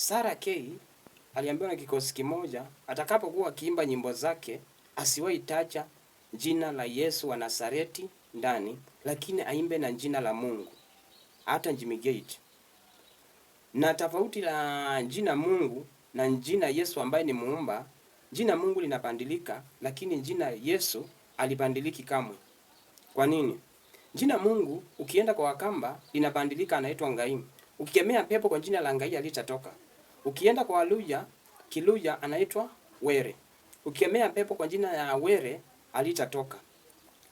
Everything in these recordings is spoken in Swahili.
Sarah Kay aliambiwa na kikosi kimoja atakapokuwa akiimba nyimbo zake asiwahi tacha jina la Yesu wa Nazareti ndani, lakini aimbe na jina la Mungu hata Jimmy Gate. Na tofauti la jina Mungu na jina Yesu ambaye ni muumba, jina Mungu linapandilika, lakini jina Yesu alibadiliki kamwe. Kwa nini? Jina Mungu ukienda kwa Wakamba linabadilika, anaitwa Ngai. Ukikemea pepo kwa jina la Ngai alitatoka. Ukienda kwa Luya, Kiluya anaitwa were. Ukiemea pepo kwa jina ya were alitatoka.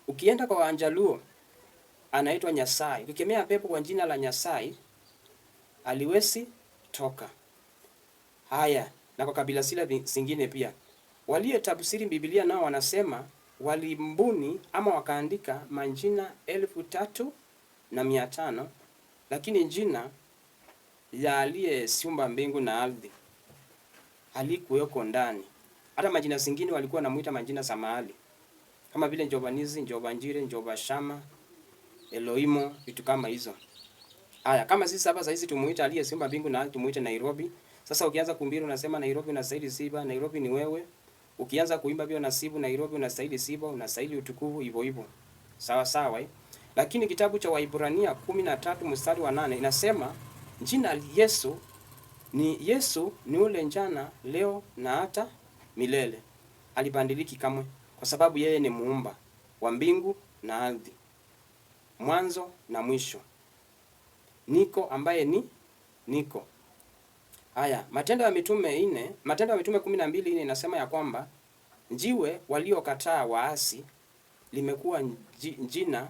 Ukienda kwa Wanjaluo anaitwa Nyasai. Ukiemea pepo kwa jina la Nyasai aliwesi toka. Haya, na kwa kabila sila zingine pia. Walio tafsiri Biblia nao wanasema walimbuni ama wakaandika majina elfu tatu na mia tano lakini jina ya aliye siumba mbingu na ardhi alikuweko ndani. Hata majina zingine walikuwa namuita majina za mahali kama vile Njobanizi, Njobanjire, Njobashama, Eloimo, vitu kama hizo. Haya, kama sisi hapa sasa hizi tumuita aliye siumba mbingu na ardhi tumuita Nairobi. Sasa ukianza kumbiri unasema Nairobi unastahili sifa, Nairobi ni wewe. Ukianza kuimba pia unasibu Nairobi unastahili sifa, unastahili utukufu hivyo hivyo. Sawa sawa. Eh? Lakini kitabu cha Waibrania 13 mstari wa 8 inasema Jina Yesu ni Yesu ni ule jana, leo na hata milele. Alibadiliki kamwe kwa sababu yeye ni muumba wa mbingu na ardhi, mwanzo na mwisho. Niko ambaye ni niko. Haya, Matendo ya Mitume ine, Matendo ya Mitume kumi na mbili inasema ya kwamba njiwe waliokataa waasi limekuwa jina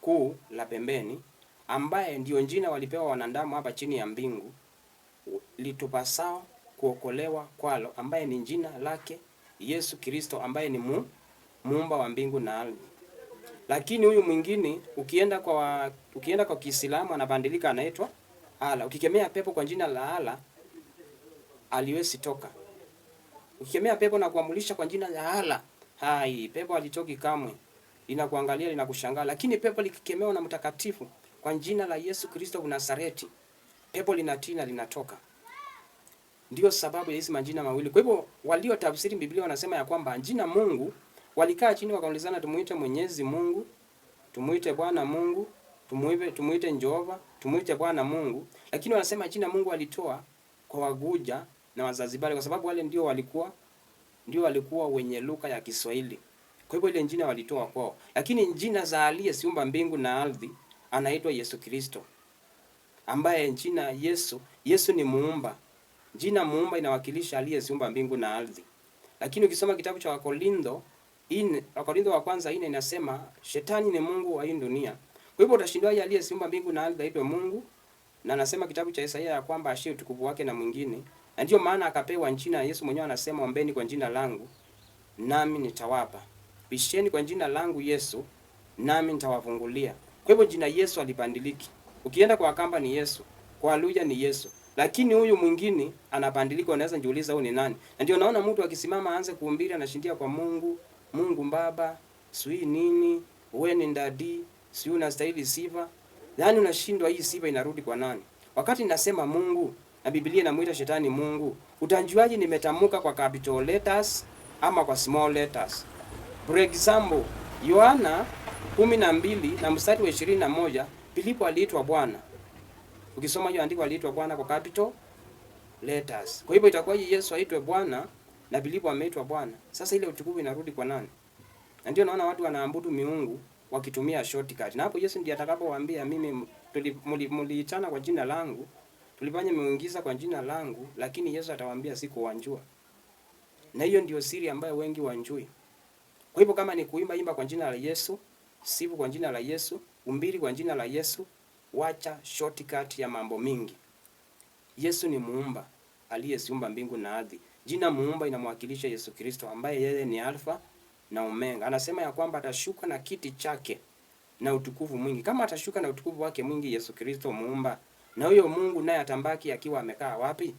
kuu la pembeni ambaye ndio njina walipewa wanadamu hapa chini ya mbingu litupasao kuokolewa kwalo, ambaye ni njina lake Yesu Kristo, ambaye ni mu, muumba wa mbingu na ardhi. Lakini huyu mwingine ukienda kwa ukienda kwa Kiislamu anabadilika, anaitwa Ala. Ukikemea pepo kwa jina la Ala aliwezi toka. Ukikemea pepo na kuamulisha kwa jina la Ala, hai pepo alitoki kamwe, linakuangalia linakushangaa. Lakini pepo likikemewa na mtakatifu kwa jina la Yesu Kristo wa Nazareti, pepo linatii na linatoka. Ndiyo sababu ya hizi majina mawili. Kwa hivyo walio tafsiri Biblia wanasema ya kwamba jina Mungu walikaa chini wakaulizana, tumuite Mwenyezi Mungu, tumuite Bwana Mungu, tumuite tumuite Jehova, tumuite Bwana Mungu, lakini wanasema jina Mungu alitoa kwa Waguja na Wazanzibari kwa sababu wale ndio walikuwa ndio walikuwa wenye lugha ya Kiswahili. Kwa hivyo ile jina walitoa kwao. Lakini jina za aliye siumba mbingu na ardhi anaitwa Yesu Kristo, ambaye jina Yesu, Yesu ni muumba. Jina muumba inawakilisha aliyeziumba mbingu na ardhi. Lakini ukisoma kitabu cha Wakorintho in Wakorintho wa kwanza ine inasema shetani ni mungu wa hii dunia. Kwa hivyo utashindwa yeye aliyeziumba mbingu na ardhi aitwe Mungu, na anasema kitabu cha Isaia ya kwamba ashie utukufu wake na mwingine, na ndio maana akapewa jina. Yesu mwenyewe anasema ombeni kwa jina langu nami nitawapa, bisheni kwa jina langu Yesu nami nitawafungulia. Kwa hivyo jina Yesu alibandiliki. Ukienda kwa kamba ni Yesu, kwa Luya ni Yesu. Lakini huyu mwingine anabandilika, unaweza nijiuliza huyu ni nani? Na ndio naona mtu akisimama aanze kuhubiri anashindia kwa Mungu, Mungu Baba, sui nini, wewe ni ndadi, sui unastahili sifa. Yaani unashindwa hii sifa inarudi kwa nani? Wakati nasema Mungu na Biblia inamuita shetani Mungu, utanjuaje nimetamka kwa capital letters ama kwa small letters? For example, Yohana kumi na mbili na mstari wa ishirini na moja Filipo aliitwa Bwana. Ukisoma hiyo andiko aliitwa Bwana kwa capital letters. Kwa hivyo itakuwaje Yesu aitwe Bwana na Filipo ameitwa Bwana? Sasa ile utukufu inarudi kwa nani? Na ndio naona watu wanaabudu miungu wakitumia shortcut. Na hapo Yesu ndiye atakapowaambia mimi mliitana kwa jina langu, tulifanya miungiza kwa jina langu, lakini Yesu atawaambia siku wanjua. Na hiyo ndio siri ambayo wengi wanjui. Kwa hivyo kama ni kuimba imba kwa jina la Yesu, sivu kwa jina la Yesu, umbiri kwa jina la Yesu, wacha shortcut ya mambo mingi. Yesu ni muumba aliyeziumba mbingu na ardhi. Jina muumba inamwakilisha Yesu Kristo ambaye yeye ni Alfa na Omega. Anasema ya kwamba atashuka na kiti chake na utukufu mwingi. Kama atashuka na utukufu wake mwingi Yesu Kristo muumba, na huyo Mungu naye atambaki akiwa amekaa wapi?